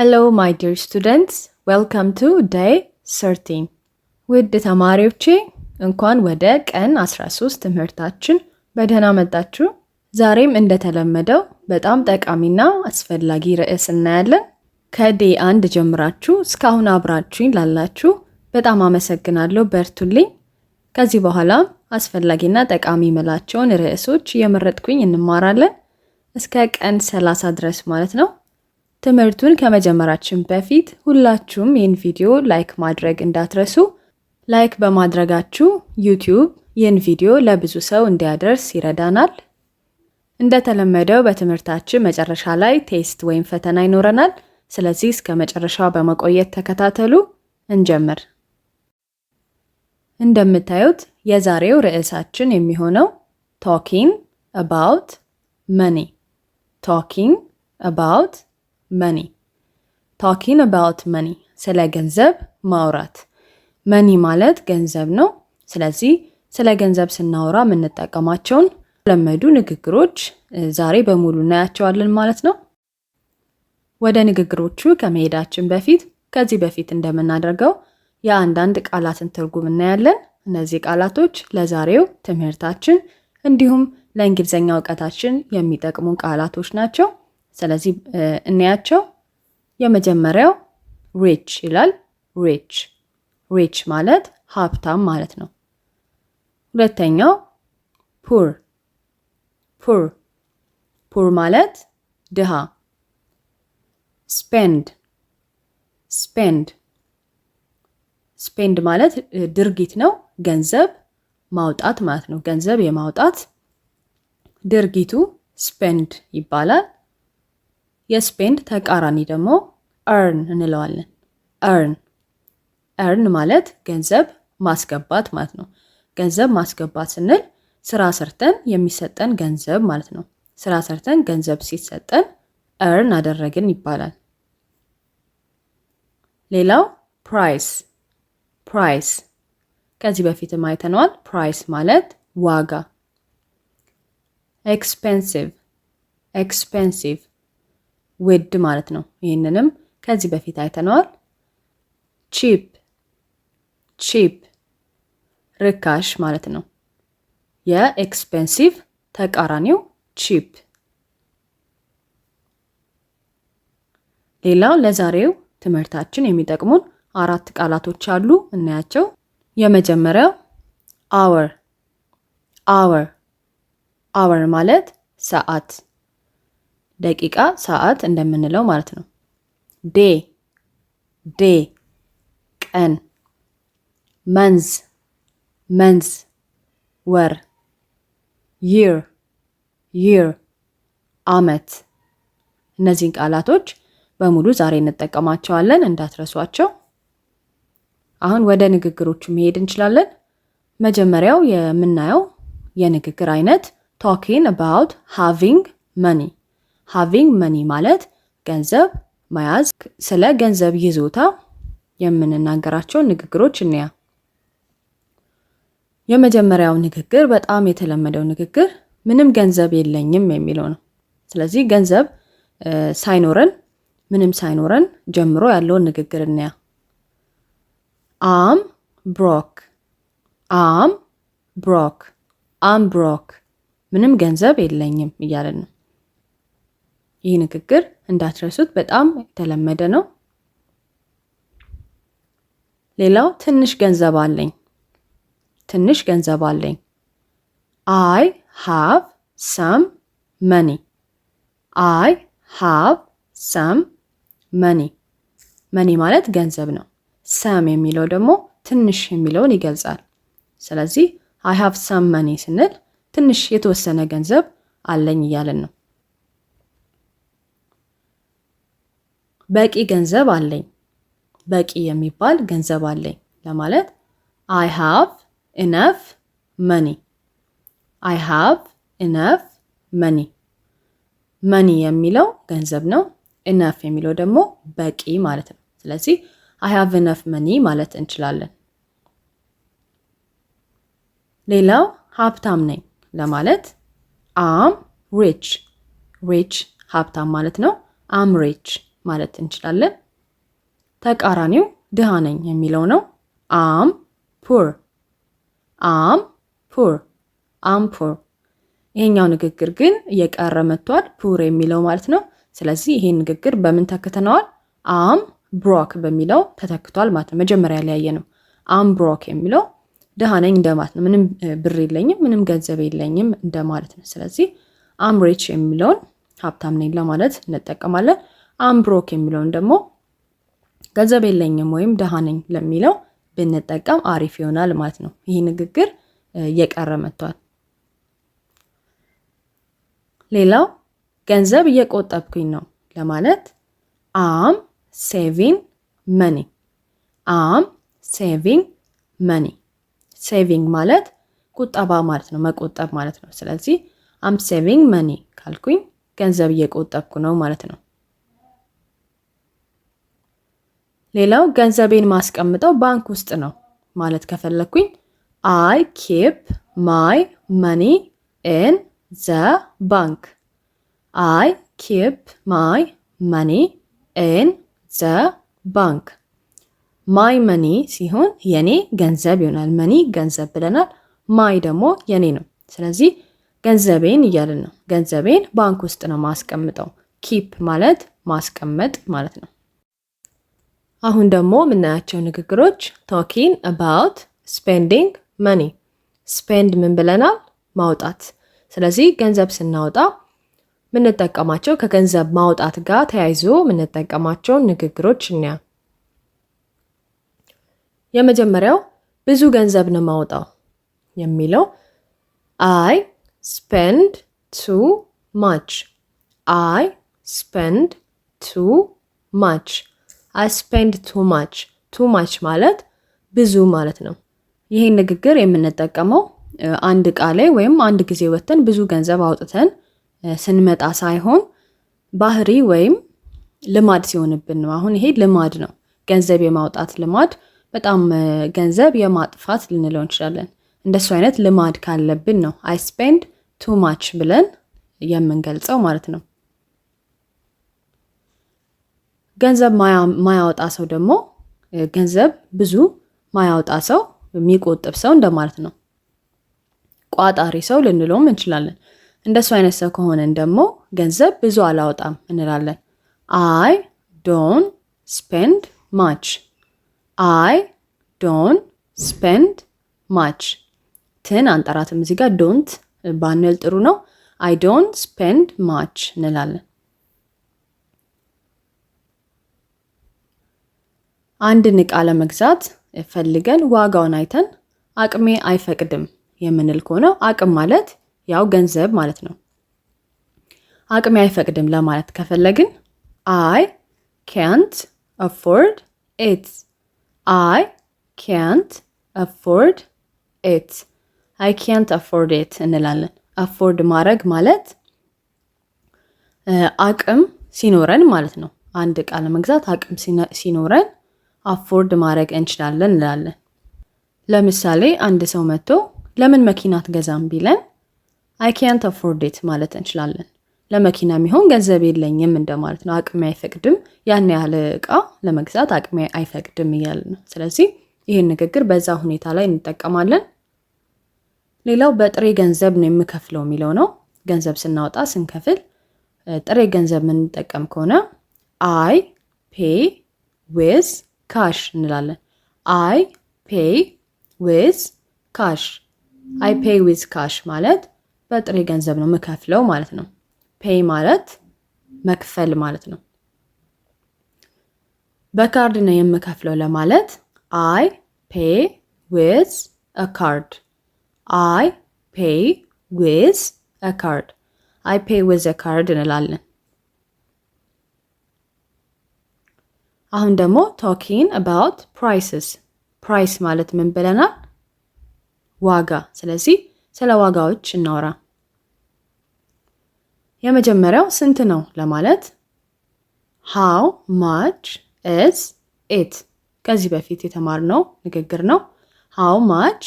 Hello, my dear students. Welcome to day 13. ውድ ተማሪዎቼ እንኳን ወደ ቀን 13 ትምህርታችን በደህና መጣችሁ። ዛሬም እንደተለመደው በጣም ጠቃሚና አስፈላጊ ርዕስ እናያለን። ከዴ አንድ ጀምራችሁ እስካሁን አብራችሁኝ ላላችሁ በጣም አመሰግናለሁ። በርቱልኝ። ከዚህ በኋላም አስፈላጊና ጠቃሚ መላቸውን ርዕሶች እየመረጥኩኝ እንማራለን እስከ ቀን 30 ድረስ ማለት ነው። ትምህርቱን ከመጀመራችን በፊት ሁላችሁም ይህን ቪዲዮ ላይክ ማድረግ እንዳትረሱ። ላይክ በማድረጋችሁ ዩቲዩብ ይህን ቪዲዮ ለብዙ ሰው እንዲያደርስ ይረዳናል። እንደተለመደው በትምህርታችን መጨረሻ ላይ ቴስት ወይም ፈተና ይኖረናል። ስለዚህ እስከ መጨረሻው በመቆየት ተከታተሉ። እንጀምር። እንደምታዩት የዛሬው ርዕሳችን የሚሆነው ቶኪንግ አባውት መኒ ቶኪንግ አባውት መኒ ታኪን አባውት መኒ፣ ስለ ገንዘብ ማውራት። መኒ ማለት ገንዘብ ነው። ስለዚህ ስለ ገንዘብ ስናወራ የምንጠቀማቸውን ለመዱ ንግግሮች ዛሬ በሙሉ እናያቸዋለን ማለት ነው። ወደ ንግግሮቹ ከመሄዳችን በፊት ከዚህ በፊት እንደምናደርገው የአንዳንድ ቃላትን ትርጉም እናያለን። እነዚህ ቃላቶች ለዛሬው ትምህርታችን እንዲሁም ለእንግሊዝኛ እውቀታችን የሚጠቅሙን ቃላቶች ናቸው። ስለዚህ እናያቸው። የመጀመሪያው ሪች ይላል። ሪች ሪች ማለት ሀብታም ማለት ነው። ሁለተኛው ፑር ፑር ፑር ማለት ድሃ። ስፔንድ ስፔንድ ስፔንድ ማለት ድርጊት ነው፣ ገንዘብ ማውጣት ማለት ነው። ገንዘብ የማውጣት ድርጊቱ ስፔንድ ይባላል። የስፔንድ ተቃራኒ ደግሞ እርን እንለዋለን። ርን ርን ማለት ገንዘብ ማስገባት ማለት ነው። ገንዘብ ማስገባት ስንል ስራ ሰርተን የሚሰጠን ገንዘብ ማለት ነው። ስራ ሰርተን ገንዘብ ሲሰጠን እርን አደረግን ይባላል። ሌላው ፕራይስ ፕራይስ ከዚህ በፊትም አይተነዋል። ፕራይስ ማለት ዋጋ። ኤክስፔንሲቭ ኤክስፔንሲቭ ውድ ማለት ነው። ይህንንም ከዚህ በፊት አይተነዋል። ቺፕ ቺፕ ርካሽ ማለት ነው። የኤክስፔንሲቭ ተቃራኒው ቺፕ። ሌላው ለዛሬው ትምህርታችን የሚጠቅሙን አራት ቃላቶች አሉ፣ እናያቸው። የመጀመሪያው አወር አወር አወር ማለት ሰዓት ደቂቃ ሰዓት እንደምንለው ማለት ነው። ዴ ዴ ቀን መንዝ መንዝ ወር ይር ይር አመት እነዚህን ቃላቶች በሙሉ ዛሬ እንጠቀማቸዋለን፣ እንዳትረሷቸው። አሁን ወደ ንግግሮቹ መሄድ እንችላለን። መጀመሪያው የምናየው የንግግር አይነት ቶኪንግ አባውት ሃቪንግ መኒ ሃቪንግ መኒ ማለት ገንዘብ መያዝ። ስለ ገንዘብ ይዞታ የምንናገራቸውን ንግግሮች እንያ። የመጀመሪያው ንግግር በጣም የተለመደው ንግግር ምንም ገንዘብ የለኝም የሚለው ነው። ስለዚህ ገንዘብ ሳይኖረን ምንም ሳይኖረን ጀምሮ ያለውን ንግግር እንያ። አም ብሮክ፣ አም ብሮክ፣ አም ብሮክ፣ ምንም ገንዘብ የለኝም እያለን ነው። ይህ ንግግር እንዳትረሱት በጣም የተለመደ ነው። ሌላው ትንሽ ገንዘብ አለኝ። ትንሽ ገንዘብ አለኝ። አይ ሃቭ ሰም መኒ። አይ ሃቭ ሰም መኒ። መኒ ማለት ገንዘብ ነው። ሰም የሚለው ደግሞ ትንሽ የሚለውን ይገልጻል። ስለዚህ አይ ሃቭ ሰም መኒ ስንል ትንሽ የተወሰነ ገንዘብ አለኝ እያለን ነው። በቂ ገንዘብ አለኝ፣ በቂ የሚባል ገንዘብ አለኝ ለማለት አይ ሃቭ ኢነፍ መኒ፣ አይ ሃቭ ኢነፍ መኒ። መኒ የሚለው ገንዘብ ነው። ኢነፍ የሚለው ደግሞ በቂ ማለት ነው። ስለዚህ አይ ሃቭ ኢነፍ መኒ ማለት እንችላለን። ሌላው ሀብታም ነኝ ለማለት አም ሪች ሪች ሀብታም ማለት ነው። አም ሪች ማለት እንችላለን። ተቃራኒው ድሃ ነኝ የሚለው ነው። አም ፑር አም ፑር አም ፑር። ይሄኛው ንግግር ግን እየቀረ መጥቷል፣ ፑር የሚለው ማለት ነው። ስለዚህ ይሄን ንግግር በምን ተክተነዋል? አም ብሮክ በሚለው ተተክቷል ማለት ነው። መጀመሪያ ላይ ያየነው ነው አም ብሮክ የሚለው ድሃ ነኝ እንደማለት ነው። ምንም ብር የለኝም፣ ምንም ገንዘብ የለኝም እንደማለት ነው። ስለዚህ አም ሪች የሚለውን ሀብታም ነኝ ለማለት እንጠቀማለን። አምብሮክ የሚለውን ደግሞ ገንዘብ የለኝም ወይም ደሃ ነኝ ለሚለው ብንጠቀም አሪፍ ይሆናል ማለት ነው። ይህ ንግግር እየቀረ መጥቷል። ሌላው ገንዘብ እየቆጠብኩኝ ነው ለማለት አም ሴቪንግ መኒ፣ አም ሴቪንግ መኒ። ሴቪንግ ማለት ቁጠባ ማለት ነው፣ መቆጠብ ማለት ነው። ስለዚህ አም ሴቪንግ መኒ ካልኩኝ ገንዘብ እየቆጠብኩ ነው ማለት ነው። ሌላው ገንዘቤን ማስቀምጠው ባንክ ውስጥ ነው ማለት ከፈለግኩኝ አይ ኬፕ ማይ መኒ ኢን ዘ ባንክ። አይ ኬፕ ማይ መኒ ኢን ዘ ባንክ። ማይ መኒ ሲሆን የኔ ገንዘብ ይሆናል። መኒ ገንዘብ ብለናል። ማይ ደግሞ የኔ ነው። ስለዚህ ገንዘቤን እያልን ነው። ገንዘቤን ባንክ ውስጥ ነው ማስቀምጠው። ኪፕ ማለት ማስቀመጥ ማለት ነው። አሁን ደግሞ የምናያቸው ንግግሮች ቶኪን አባውት ስፔንዲንግ መኒ። ስፔንድ ምን ብለናል? ማውጣት። ስለዚህ ገንዘብ ስናወጣ የምንጠቀማቸው ከገንዘብ ማውጣት ጋር ተያይዞ የምንጠቀማቸውን ንግግሮች እንያ። የመጀመሪያው ብዙ ገንዘብ ነው ማውጣው የሚለው አይ ስፔንድ ቱ ማች። አይ ስፔንድ ቱ ማች አይ ስፔንድ ቱ ማች ቱ ማች ማለት ብዙ ማለት ነው። ይሄን ንግግር የምንጠቀመው አንድ እቃ ላይ ወይም አንድ ጊዜ ወጥተን ብዙ ገንዘብ አውጥተን ስንመጣ ሳይሆን ባህሪ ወይም ልማድ ሲሆንብን ነው። አሁን ይሄ ልማድ ነው፣ ገንዘብ የማውጣት ልማድ፣ በጣም ገንዘብ የማጥፋት ልንለው እንችላለን። እንደሱ አይነት ልማድ ካለብን ነው አይ ስፔንድ ቱ ማች ብለን የምንገልጸው ማለት ነው። ገንዘብ ማያወጣ ሰው ደግሞ ገንዘብ ብዙ ማያወጣ ሰው የሚቆጥብ ሰው እንደማለት ነው። ቋጣሪ ሰው ልንለውም እንችላለን። እንደሱ አይነት ሰው ከሆነን ደግሞ ገንዘብ ብዙ አላወጣም እንላለን። አይ ዶን ስፔንድ ማች፣ አይ ዶን ስፔንድ ማች። ትን አንጠራትም እዚህ ጋር ዶንት ባንል ጥሩ ነው። አይ ዶን ስፔንድ ማች እንላለን። አንድን እቃ ለመግዛት ፈልገን ዋጋውን አይተን አቅሜ አይፈቅድም የምንል ከሆነ አቅም ማለት ያው ገንዘብ ማለት ነው። አቅሜ አይፈቅድም ለማለት ከፈለግን አይ ካንት አፎርድ ኢት፣ አይ ካንት አፎርድ ኢት፣ አይ ካንት አፎርድ ኢት እንላለን። አፎርድ ማድረግ ማለት አቅም ሲኖረን ማለት ነው። አንድ እቃ ለመግዛት አቅም ሲኖረን አፎርድ ማድረግ እንችላለን እንላለን። ለምሳሌ አንድ ሰው መጥቶ ለምን መኪና አትገዛም ቢለን አይ ካንት አፎርድ ኢት ማለት እንችላለን። ለመኪና የሚሆን ገንዘብ የለኝም እንደማለት ነው። አቅሜ አይፈቅድም፣ ያን ያህል እቃ ለመግዛት አቅሜ አይፈቅድም እያለ ነው። ስለዚህ ይህን ንግግር በዛ ሁኔታ ላይ እንጠቀማለን። ሌላው በጥሬ ገንዘብ ነው የምከፍለው የሚለው ነው። ገንዘብ ስናወጣ ስንከፍል ጥሬ ገንዘብ የምንጠቀም ከሆነ አይ ፔ ዊዝ ካሽ እንላለን። አይ ፔይ ዊዝ ካሽ። አይ ፔይ ዊዝ ካሽ ማለት በጥሬ ገንዘብ ነው የምከፍለው ማለት ነው። ፔይ ማለት መክፈል ማለት ነው። በካርድ ነው የምከፍለው ለማለት አይ ፔይ ዊዝ አ ካርድ። አይ ፔይ ዊዝ አ ካርድ። አይ ፔይ ዊዝ አ ካርድ እንላለን። አሁን ደግሞ ቶኪንግ አባውት ፕራይስስ ፕራይስ ማለት ምን ብለናል? ዋጋ። ስለዚህ ስለ ዋጋዎች እናወራ። የመጀመሪያው ስንት ነው ለማለት ሃው ማች ኢዝ ኢት። ከዚህ በፊት የተማርነው ንግግር ነው። ሃው ማች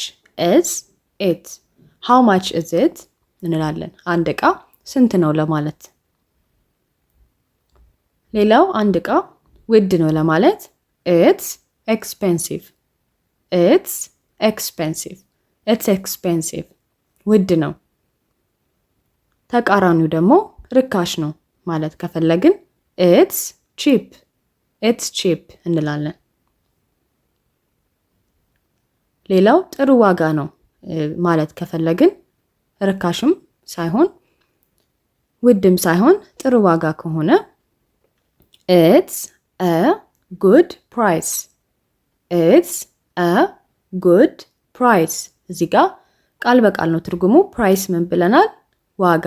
ኢዝ ኢት፣ ሃው ማች ኢዝ ኢት እንላለን። አንድ እቃ ስንት ነው ለማለት። ሌላው አንድ እቃ? ውድ ነው ለማለት ኢትስ ኤክስፔንሲቭ ኢትስ ኤክስፔንሲቭ ኢትስ ኤክስፔንሲቭ ውድ ነው። ተቃራኒው ደግሞ ርካሽ ነው ማለት ከፈለግን ኢትስ ቺፕ ኢትስ ቺፕ እንላለን። ሌላው ጥሩ ዋጋ ነው ማለት ከፈለግን ርካሽም ሳይሆን ውድም ሳይሆን ጥሩ ዋጋ ከሆነ ኢትስ አ ጉድ ፕራይስ ኢትስ አ ጉድ ፕራይስ። እዚህ ጋ ቃል በቃል ነው ትርጉሙ። ፕራይስ ምን ብለናል? ዋጋ።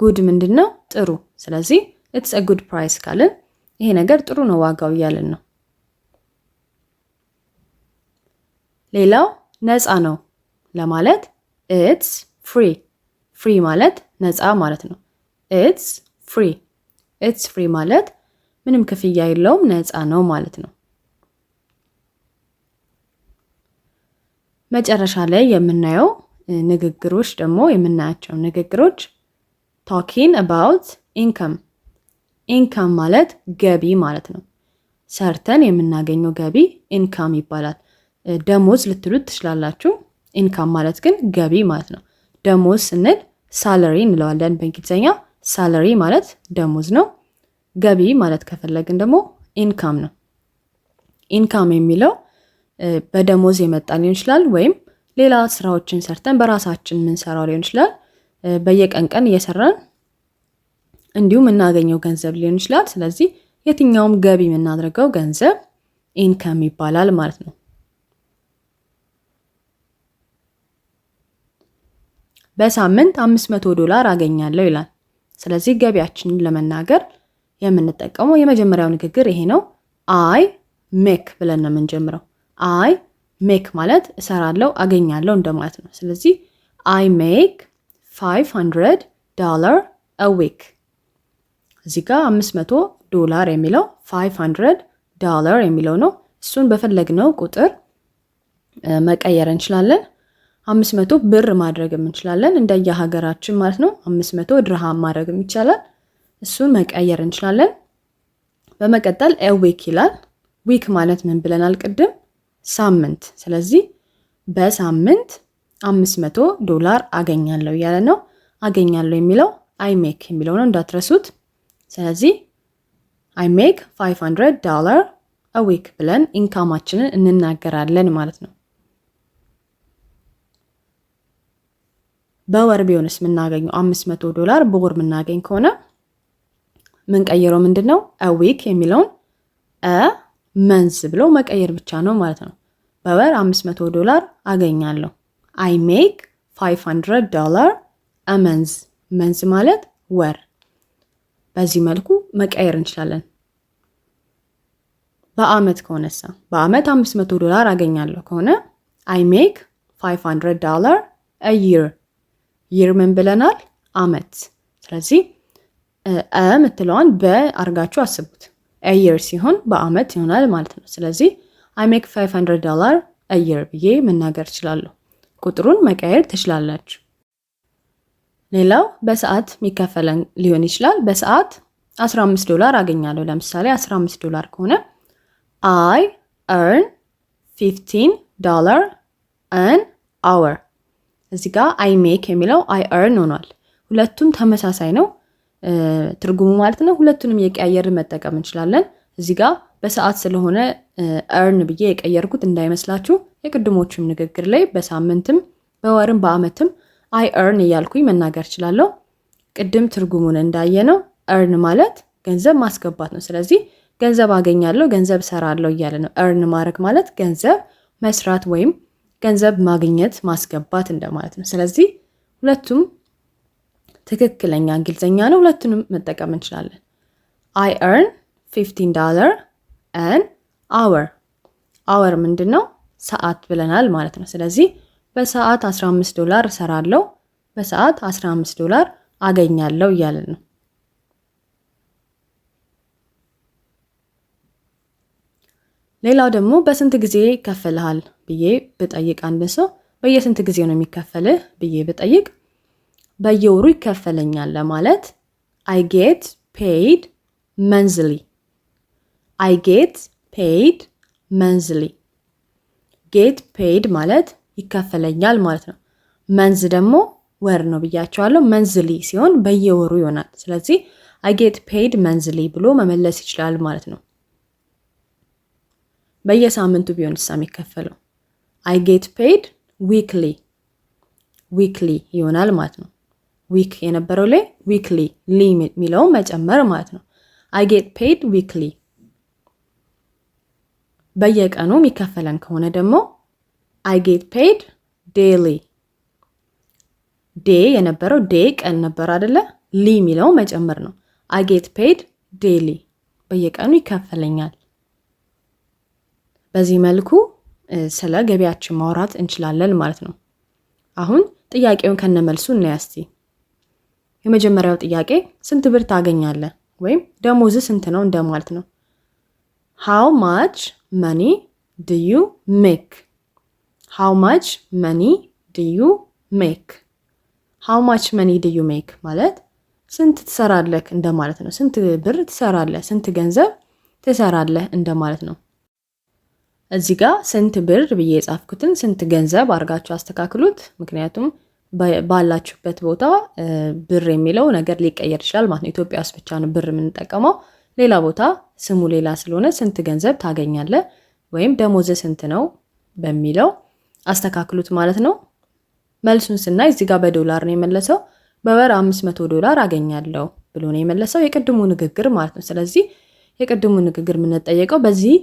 ጉድ ምንድን ነው? ጥሩ። ስለዚህ ኢትስ አ ጉድ ፕራይስ ካልን ይሄ ነገር ጥሩ ነው ዋጋው እያልን ነው። ሌላው ነፃ ነው ለማለት ኢትስ ፍሪ። ፍሪ ማለት ነፃ ማለት ነው። ኢትስ ፍሪ ኢትስ ፍሪ ማለት ምንም ክፍያ የለውም፣ ነፃ ነው ማለት ነው። መጨረሻ ላይ የምናየው ንግግሮች ደግሞ የምናያቸው ንግግሮች ታኪን አባውት ኢንካም። ኢንካም ማለት ገቢ ማለት ነው። ሰርተን የምናገኘው ገቢ ኢንካም ይባላል። ደሞዝ ልትሉት ትችላላችሁ። ኢንካም ማለት ግን ገቢ ማለት ነው። ደሞዝ ስንል ሳለሪ እንለዋለን በእንግሊዝኛ። ሳለሪ ማለት ደሞዝ ነው። ገቢ ማለት ከፈለግን ደግሞ ኢንካም ነው። ኢንካም የሚለው በደሞዝ የመጣ ሊሆን ይችላል፣ ወይም ሌላ ስራዎችን ሰርተን በራሳችን የምንሰራው ሊሆን ይችላል። በየቀን ቀን እየሰራን እንዲሁም የምናገኘው ገንዘብ ሊሆን ይችላል። ስለዚህ የትኛውም ገቢ የምናደርገው ገንዘብ ኢንካም ይባላል ማለት ነው። በሳምንት አምስት መቶ ዶላር አገኛለሁ ይላል። ስለዚህ ገቢያችንን ለመናገር የምንጠቀመው። የመጀመሪያው ንግግር ይሄ ነው። አይ ሜክ ብለን ነው የምንጀምረው። አይ ሜክ ማለት እሰራለሁ፣ አገኛለው እንደማለት ነው። ስለዚህ አይ ሜክ ፋይቭ ሀንድረድ ዶላር አ ዊክ። እዚህ ጋር አምስት መቶ ዶላር የሚለው ፋይቭ ሀንድረድ ዶላር የሚለው ነው። እሱን በፈለግነው ቁጥር መቀየር እንችላለን። አምስት መቶ ብር ማድረግም እንችላለን እንደየ ሀገራችን ማለት ነው። አምስት መቶ ድርሃም ማድረግም ይቻላል። እሱን መቀየር እንችላለን። በመቀጠል ኤዊክ ይላል። ዊክ ማለት ምን ብለናል ቅድም? ሳምንት። ስለዚህ በሳምንት አምስት መቶ ዶላር አገኛለሁ እያለ ነው። አገኛለሁ የሚለው አይሜክ የሚለው ነው እንዳትረሱት። ስለዚህ አይሜክ 500 ዶላር አዊክ ብለን ኢንካማችንን እንናገራለን ማለት ነው። በወር ቢሆንስ የምናገኘው መቶ ዶላር በወር የምናገኝ ከሆነ ምንቀይረው ምንድን ነው ዊክ የሚለውን መንስ ብሎ መቀየር ብቻ ነው ማለት ነው። በወር 500 ዶላር አገኛለሁ። አይ ሜክ 500 ዶላር አመንዝ። መንዝ ማለት ወር። በዚህ መልኩ መቀየር እንችላለን። በአመት ከሆነሳ በአመት 500 ዶላር አገኛለሁ ከሆነ አይ ሜክ 500 ዶላር a year። ይር ምን ብለናል? አመት። ስለዚህ አ ምትለዋን በአርጋችሁ አስቡት። አየር ሲሆን በአመት ይሆናል ማለት ነው። ስለዚህ አይ ሜክ 500 ዶላር አየር ብዬ መናገር እችላለሁ። ቁጥሩን መቀየር ትችላላችሁ። ሌላው በሰዓት የሚከፈለን ሊሆን ይችላል። በሰዓት 15 ዶላር አገኛለሁ። ለምሳሌ 15 ዶላር ከሆነ አይ ርን 15 ዶላር an አወር እዚህ ጋር አይ ሜክ የሚለው አይ ርን ሆኗል። ሁለቱም ተመሳሳይ ነው። ትርጉሙ ማለት ነው። ሁለቱንም የቀያየርን መጠቀም እንችላለን። እዚህ ጋ በሰዓት ስለሆነ እርን ብዬ የቀየርኩት እንዳይመስላችሁ። የቅድሞቹም ንግግር ላይ በሳምንትም በወርም በአመትም አይ እርን እያልኩኝ መናገር እችላለሁ። ቅድም ትርጉሙን እንዳየ ነው። እርን ማለት ገንዘብ ማስገባት ነው። ስለዚህ ገንዘብ አገኛለሁ፣ ገንዘብ ሰራለሁ እያለ ነው። እርን ማድረግ ማለት ገንዘብ መስራት ወይም ገንዘብ ማግኘት ማስገባት እንደማለት ነው። ስለዚህ ሁለቱም ትክክለኛ እንግሊዝኛ ነው። ሁለቱንም መጠቀም እንችላለን። አይ ኤርን ፊፍቲን ዳለር ን አወር አወር ምንድን ነው? ሰዓት ብለናል ማለት ነው። ስለዚህ በሰዓት 15 ዶላር እሰራለሁ፣ በሰዓት 15 ዶላር አገኛለሁ እያለን ነው። ሌላው ደግሞ በስንት ጊዜ ይከፈልሃል ብዬ ብጠይቅ አንድ ሰው በየስንት ጊዜ ነው የሚከፈልህ ብዬ ብጠይቅ በየወሩ ይከፈለኛል ለማለት አይ ጌት ፔይድ መንዝሊ አይ ጌት ፔይድ መንዝሊ። ጌት ፔይድ ማለት ይከፈለኛል ማለት ነው። መንዝ ደግሞ ወር ነው ብያቸዋለሁ። መንዝሊ ሲሆን በየወሩ ይሆናል። ስለዚህ አይ ጌት ፔይድ መንዝሊ ብሎ መመለስ ይችላል ማለት ነው። በየሳምንቱ ቢሆን እሳ የሚከፈለው አይ ጌት ፔይድ ዊክሊ ዊክሊ ይሆናል ማለት ነው። ዊክ የነበረው ላይ ዊክሊ ሊ የሚለው መጨመር ማለት ነው። አይ ጌት ፔይድ ዊክሊ። በየቀኑ የሚከፈለን ከሆነ ደግሞ አይ ጌት ዴሊ። ዴ የነበረው ዴ ቀን ነበር አደለ? ሊ የሚለው መጨመር ነው። አይ ጌት ዴሊ፣ በየቀኑ ይከፈለኛል። በዚህ መልኩ ስለ ገቢያችን ማውራት እንችላለን ማለት ነው። አሁን ጥያቄውን ከነመልሱ እናያስቲ የመጀመሪያው ጥያቄ ስንት ብር ታገኛለህ ወይም ደሞዝ ስንት ነው እንደማለት ነው። ሃው ማች መኒ ድዩ ዩ ሜክ፣ ሃው ማች መኒ ድዩ ዩ ሜክ። ሃው ማች መኒ ድዩ ዩ ሜክ ማለት ስንት ትሰራለህ እንደማለት ነው። ስንት ብር ትሰራለህ፣ ስንት ገንዘብ ትሰራለህ እንደማለት ነው። እዚህ ጋር ስንት ብር ብዬ የጻፍኩትን ስንት ገንዘብ አድርጋችሁ አስተካክሉት፣ ምክንያቱም ባላችሁበት ቦታ ብር የሚለው ነገር ሊቀየር ይችላል ማለት ነው። ኢትዮጵያ ውስጥ ብቻ ነው ብር የምንጠቀመው። ሌላ ቦታ ስሙ ሌላ ስለሆነ ስንት ገንዘብ ታገኛለህ ወይም ደሞዝ ስንት ነው በሚለው አስተካክሉት ማለት ነው። መልሱን ስናይ እዚህ ጋር በዶላር ነው የመለሰው። በወር አምስት መቶ ዶላር አገኛለሁ ብሎ ነው የመለሰው የቅድሙ ንግግር ማለት ነው። ስለዚህ የቅድሙ ንግግር የምንጠየቀው በዚህ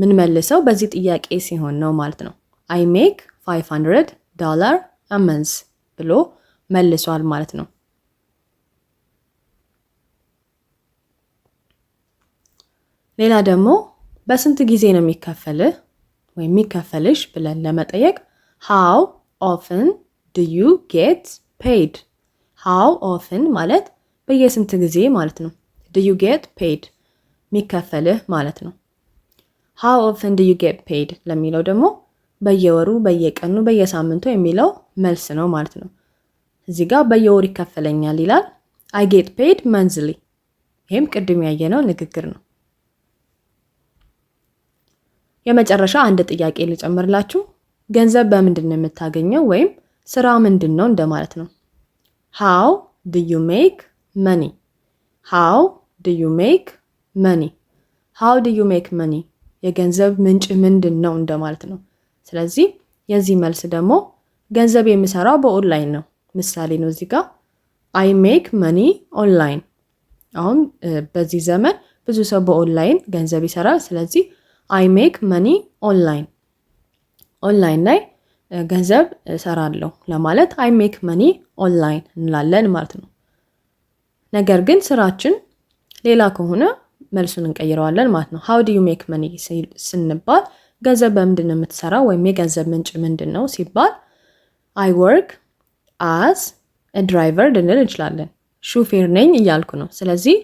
ምንመልሰው በዚህ ጥያቄ ሲሆን ነው ማለት ነው። አይ ሜክ ፋይቭ ሀንድረድ ዶላር አመንስ ብሎ መልሷል ማለት ነው። ሌላ ደግሞ በስንት ጊዜ ነው የሚከፈልህ ወይም የሚከፈልሽ ብለን ለመጠየቅ ሃው ኦፍን ዱ ዩ ጌት ፔይድ። ሃው ኦፍን ማለት በየስንት ጊዜ ማለት ነው። ዱ ዩ ጌት ፔይድ የሚከፈልህ ማለት ነው። ሃው ኦፍን ዱ ዩ ጌት ፔይድ ለሚለው ደግሞ በየወሩ፣ በየቀኑ፣ በየሳምንቱ የሚለው መልስ ነው ማለት ነው። እዚህ ጋር በየወሩ ይከፈለኛል ይላል። አይ ጌት ፔድ መንዝሊ። ይህም ቅድም ያየነው ንግግር ነው። የመጨረሻ አንድ ጥያቄ ልጨምርላችሁ። ገንዘብ በምንድን ነው የምታገኘው ወይም ስራ ምንድን ነው እንደማለት ነው። ሃው ድ ዩ ሜክ መኒ፣ ሃው ድ ዩ ሜክ መኒ፣ ሃው ድ ዩ ሜክ መኒ። የገንዘብ ምንጭ ምንድን ነው እንደማለት ነው። ስለዚህ የዚህ መልስ ደግሞ ገንዘብ የምሰራው በኦንላይን ነው ምሳሌ ነው። እዚህ ጋር አይ ሜክ መኒ ኦንላይን። አሁን በዚህ ዘመን ብዙ ሰው በኦንላይን ገንዘብ ይሰራል። ስለዚህ አይ ሜክ መኒ ኦንላይን፣ ኦንላይን ላይ ገንዘብ እሰራለሁ ለማለት አይ ሜክ መኒ ኦንላይን እንላለን ማለት ነው። ነገር ግን ስራችን ሌላ ከሆነ መልሱን እንቀይረዋለን ማለት ነው። ሃው ዱ ዩ ሜክ መኒ ስንባል ገንዘብ በምንድን ነው የምትሰራ ወይም የገንዘብ ምንጭ ምንድን ነው ሲባል አይ ወርክ አዝ ድራይቨር ልንል እንችላለን። ሹፌር ነኝ እያልኩ ነው። ስለዚህ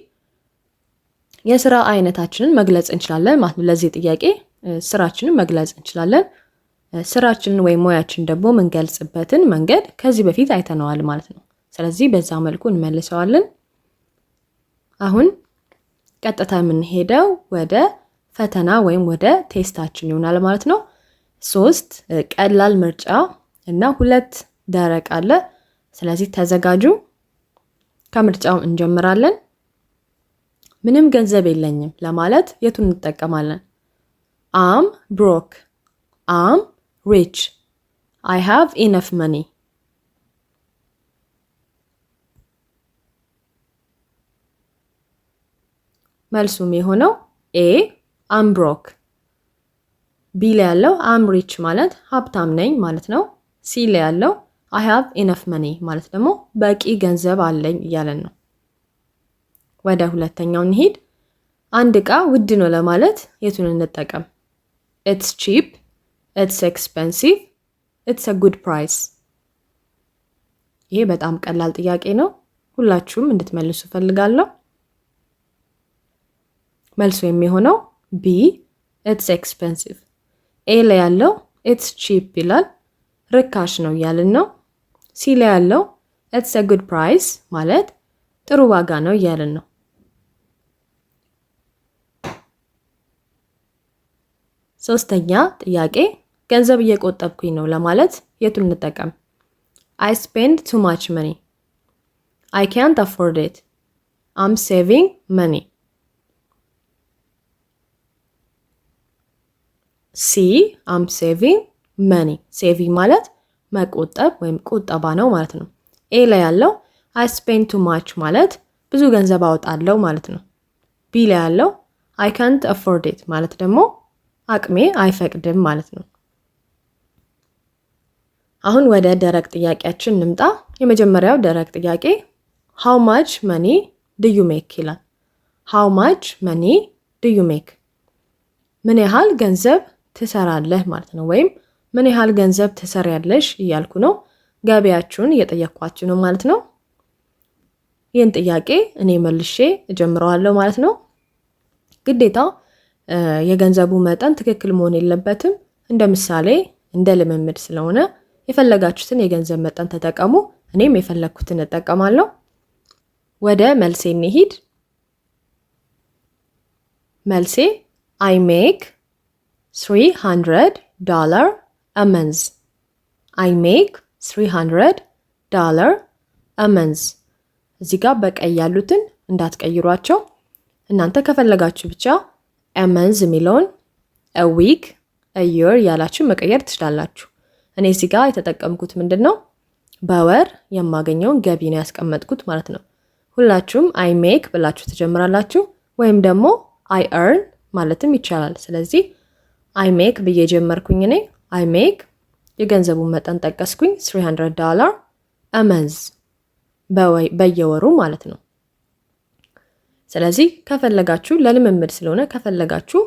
የስራ አይነታችንን መግለጽ እንችላለን ማለት ነው። ለዚህ ጥያቄ ስራችንን መግለጽ እንችላለን። ስራችንን ወይም ሙያችን ደግሞ የምንገልጽበትን መንገድ ከዚህ በፊት አይተነዋል ማለት ነው። ስለዚህ በዛ መልኩ እንመልሰዋለን። አሁን ቀጥታ የምንሄደው ወደ ፈተና ወይም ወደ ቴስታችን ይሆናል ማለት ነው። ሶስት ቀላል ምርጫ እና ሁለት ደረቅ አለ። ስለዚህ ተዘጋጁ። ከምርጫው እንጀምራለን። ምንም ገንዘብ የለኝም ለማለት የቱን እንጠቀማለን? አም ብሮክ፣ አም ሪች፣ አይ ሃቭ ኢነፍ መኒ። መልሱም የሆነው ኤ አምብሮክ ቢል ያለው አምሪች ማለት ሀብታም ነኝ ማለት ነው። ሲል ያለው አይ ሃቭ ኢነፍ መኒ ማለት ደግሞ በቂ ገንዘብ አለኝ እያለን ነው። ወደ ሁለተኛው እንሂድ። አንድ እቃ ውድ ነው ለማለት የቱን እንጠቀም? ኢትስ ቺፕ፣ ኢትስ ኤክስፐንሲቭ፣ ኢትስ አ ጉድ ፕራይስ። ይሄ በጣም ቀላል ጥያቄ ነው። ሁላችሁም እንድትመልሱ ፈልጋለሁ። መልሶ የሚሆነው ቢ ኢትስ ኤክስፐንሲቭ። ኤ ላይ ያለው ኢትስ ቺፕ ይላል ርካሽ ነው እያልን ነው። ሲ ላይ ያለው ኢትስ አ ጉድ ፕራይስ ማለት ጥሩ ዋጋ ነው እያልን ነው። ሶስተኛ ጥያቄ ገንዘብ እየቆጠብኩኝ ነው ለማለት የቱን እንጠቀም? አይ ስፔንድ ቱ ማች መኒ፣ አይ ካንት አፎርድ ኢት፣ አም ሴቪንግ መኒ ሲ አም ሴቪንግ መኒ ሴቪንግ ማለት መቆጠብ ወይም ቁጠባ ነው ማለት ነው። ኤ ላይ ያለው አይ ስፔንድ ቱ ማች ማለት ብዙ ገንዘብ አወጣለሁ ማለት ነው። ቢ ላይ ያለው አይ ካንት አፎርድ ኢት ማለት ደግሞ አቅሜ አይፈቅድም ማለት ነው። አሁን ወደ ደረቅ ጥያቄያችን እንምጣ። የመጀመሪያው ደረቅ ጥያቄ ሃው ማች መኒ ድዩ ሜክ ይላል። ሃው ማች መኒ ድዩ ሜክ ምን ያህል ገንዘብ ትሰራለህ ማለት ነው። ወይም ምን ያህል ገንዘብ ትሰሪያለሽ እያልኩ ነው። ገቢያችሁን እየጠየኳችሁ ነው ማለት ነው። ይህን ጥያቄ እኔ መልሼ እጀምረዋለሁ ማለት ነው። ግዴታ የገንዘቡ መጠን ትክክል መሆን የለበትም። እንደ ምሳሌ እንደ ልምምድ ስለሆነ የፈለጋችሁትን የገንዘብ መጠን ተጠቀሙ። እኔም የፈለግኩትን እጠቀማለሁ። ወደ መልሴ እንሂድ። መልሴ አይ ሜክ $300 a month. I make $300 a month። እዚህ ጋር በቀይ ያሉትን እንዳትቀይሯቸው። እናንተ ከፈለጋችሁ ብቻ ኤመንዝ የሚለውን ዊክ ዩር ያላችሁ መቀየር ትችላላችሁ። እኔ እዚህ ጋር የተጠቀምኩት ምንድን ነው በወር የማገኘውን ገቢ ነው ያስቀመጥኩት ማለት ነው። ሁላችሁም አይ ሜክ ብላችሁ ትጀምራላችሁ ወይም ደግሞ አይ እርን ማለትም ይቻላል። ስለዚህ አይ ሜክ ብዬ ጀመርኩኝ። እኔ ሜክ የገንዘቡን መጠን ጠቀስኩኝ፣ 300 ዶላር አመዝ በየወሩ ማለት ነው። ስለዚህ ከፈለጋችሁ ለልምምድ ስለሆነ ከፈለጋችሁ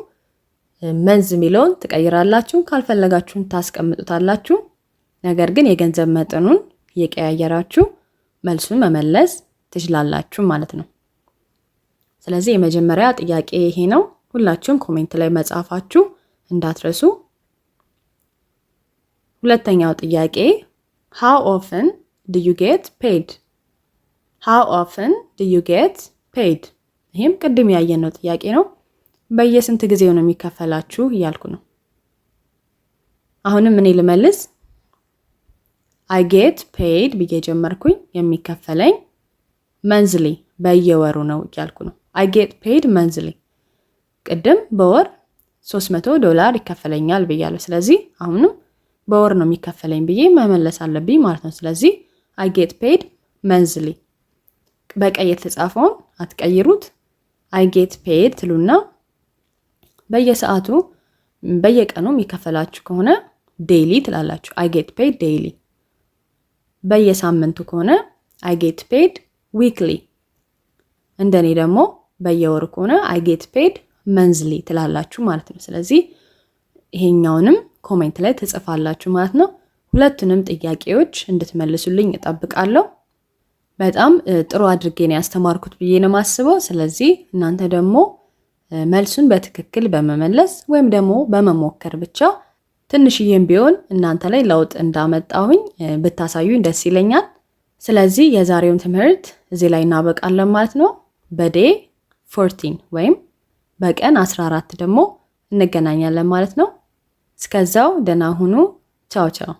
መንዝ የሚለውን ትቀይራላችሁ፣ ካልፈለጋችሁም ታስቀምጡታላችሁ። ነገር ግን የገንዘብ መጠኑን እየቀያየራችሁ መልሱን መመለስ ትችላላችሁ ማለት ነው። ስለዚህ የመጀመሪያ ጥያቄ ይሄ ነው። ሁላችሁም ኮሜንት ላይ መጻፋችሁ እንዳትረሱ። ሁለተኛው ጥያቄ ሃው ኦፍን ዱ ዩ ጌት ፔድ? ሃው ኦፍን ዱ ዩ ጌት ፔድ? ይህም ቅድም ያየነው ጥያቄ ነው። በየስንት ጊዜው ነው የሚከፈላችሁ እያልኩ ነው። አሁንም እኔ ልመልስ። አይ ጌት ፔይድ ብዬ ጀመርኩኝ። የሚከፈለኝ መንዝሊ በየወሩ ነው እያልኩ ነው። አይ ጌት ፔይድ መንዝሊ። ቅድም በወር 300 ዶላር ይከፈለኛል ብያለሁ። ስለዚህ አሁንም በወር ነው የሚከፈለኝ ብዬ መመለስ አለብኝ ማለት ነው። ስለዚህ አይ ጌት ፔድ መንዝሊ። በቀይ የተጻፈውን አትቀይሩት። አይ ጌት ፔድ ትሉና በየሰዓቱ በየቀኑ የሚከፈላችሁ ከሆነ ዴይሊ ትላላችሁ። አይ ጌት ፔድ ዴይሊ። በየሳምንቱ ከሆነ አይ ጌት ፔድ ዊክሊ። እንደኔ ደግሞ በየወሩ ከሆነ አይ ጌት ፔድ መንዝሊ ትላላችሁ ማለት ነው። ስለዚህ ይሄኛውንም ኮሜንት ላይ ትጽፋላችሁ ማለት ነው። ሁለቱንም ጥያቄዎች እንድትመልሱልኝ እጠብቃለሁ። በጣም ጥሩ አድርጌ ነው ያስተማርኩት ብዬ ነው የማስበው። ስለዚህ እናንተ ደግሞ መልሱን በትክክል በመመለስ ወይም ደግሞ በመሞከር ብቻ ትንሽዬም ቢሆን እናንተ ላይ ለውጥ እንዳመጣሁኝ ብታሳዩኝ ደስ ይለኛል። ስለዚህ የዛሬውን ትምህርት እዚህ ላይ እናበቃለን ማለት ነው። በዴ ፎርቲን ወይም በቀን 14 ደግሞ እንገናኛለን ማለት ነው። እስከዛው ደህና ሁኑ። ቻው ቻው።